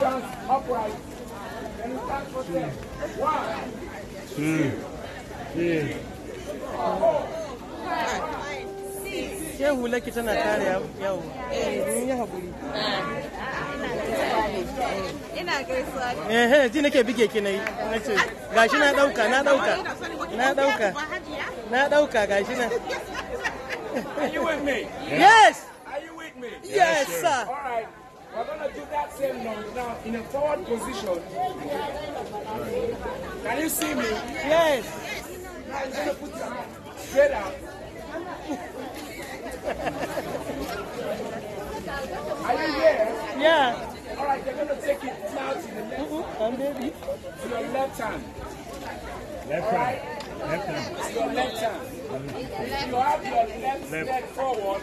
upright. tana yau. Mun na ɗauka, na ɗauka. Na ɗauka. Na ɗauka gashi Are you with me? Yes. Yes, sir. All right. We're going to do that same lunge now in a forward position. Can you see me? Yes. yes. Now you're going to put your hand straight out. Are you here? Yeah. All right, They're going to take it now to the left. Mm -hmm. baby. To your left hand. Left All right. hand. Left hand. To your left hand. Left. Mm-hmm. You have your left, left. leg forward.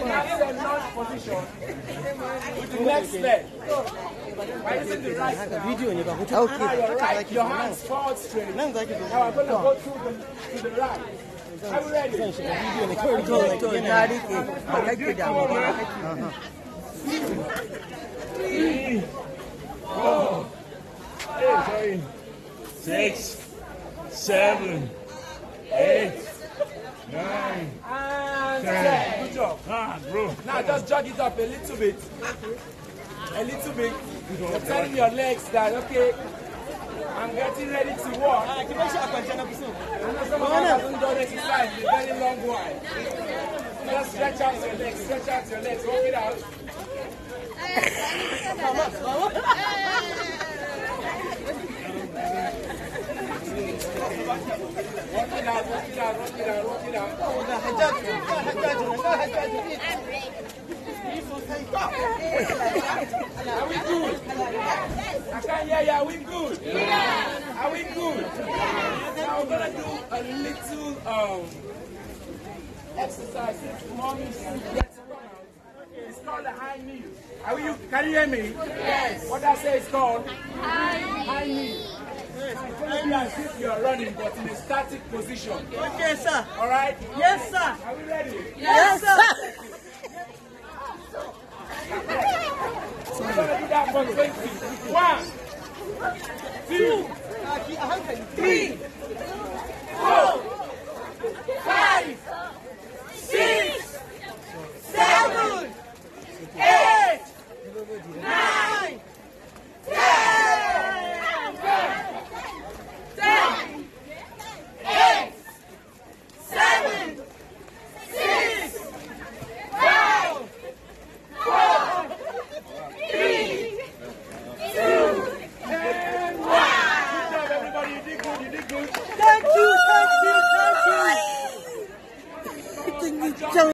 position, next step, raising the right now, okay. Ah, your hands forward straight. Now I'm going to go to the, to the right. Are you ready? Uh-huh. Three, four, eight, six, seven, eight, nine, Ten. Good job. Ah, bro. Now just jog it up a little bit. A little bit. You're telling your legs that, okay, I'm getting ready to walk. I know some of us haven't done exercise in a very long while. Just stretch out your legs, stretch out your legs, walk it out. Mama, mama. Are we good? can't hear you. Are we good? Are we good? Yeah. Now we're gonna do a little um exercise. Mommy, it's called high knee. Can you hear me? Yes. What I say is called high knee. Maybe as if you are running, but in a static position. Okay, sir. All right? Yes, sir. Are we ready? Yes, yes sir. so we're going to do that for 20. One, two, three, four.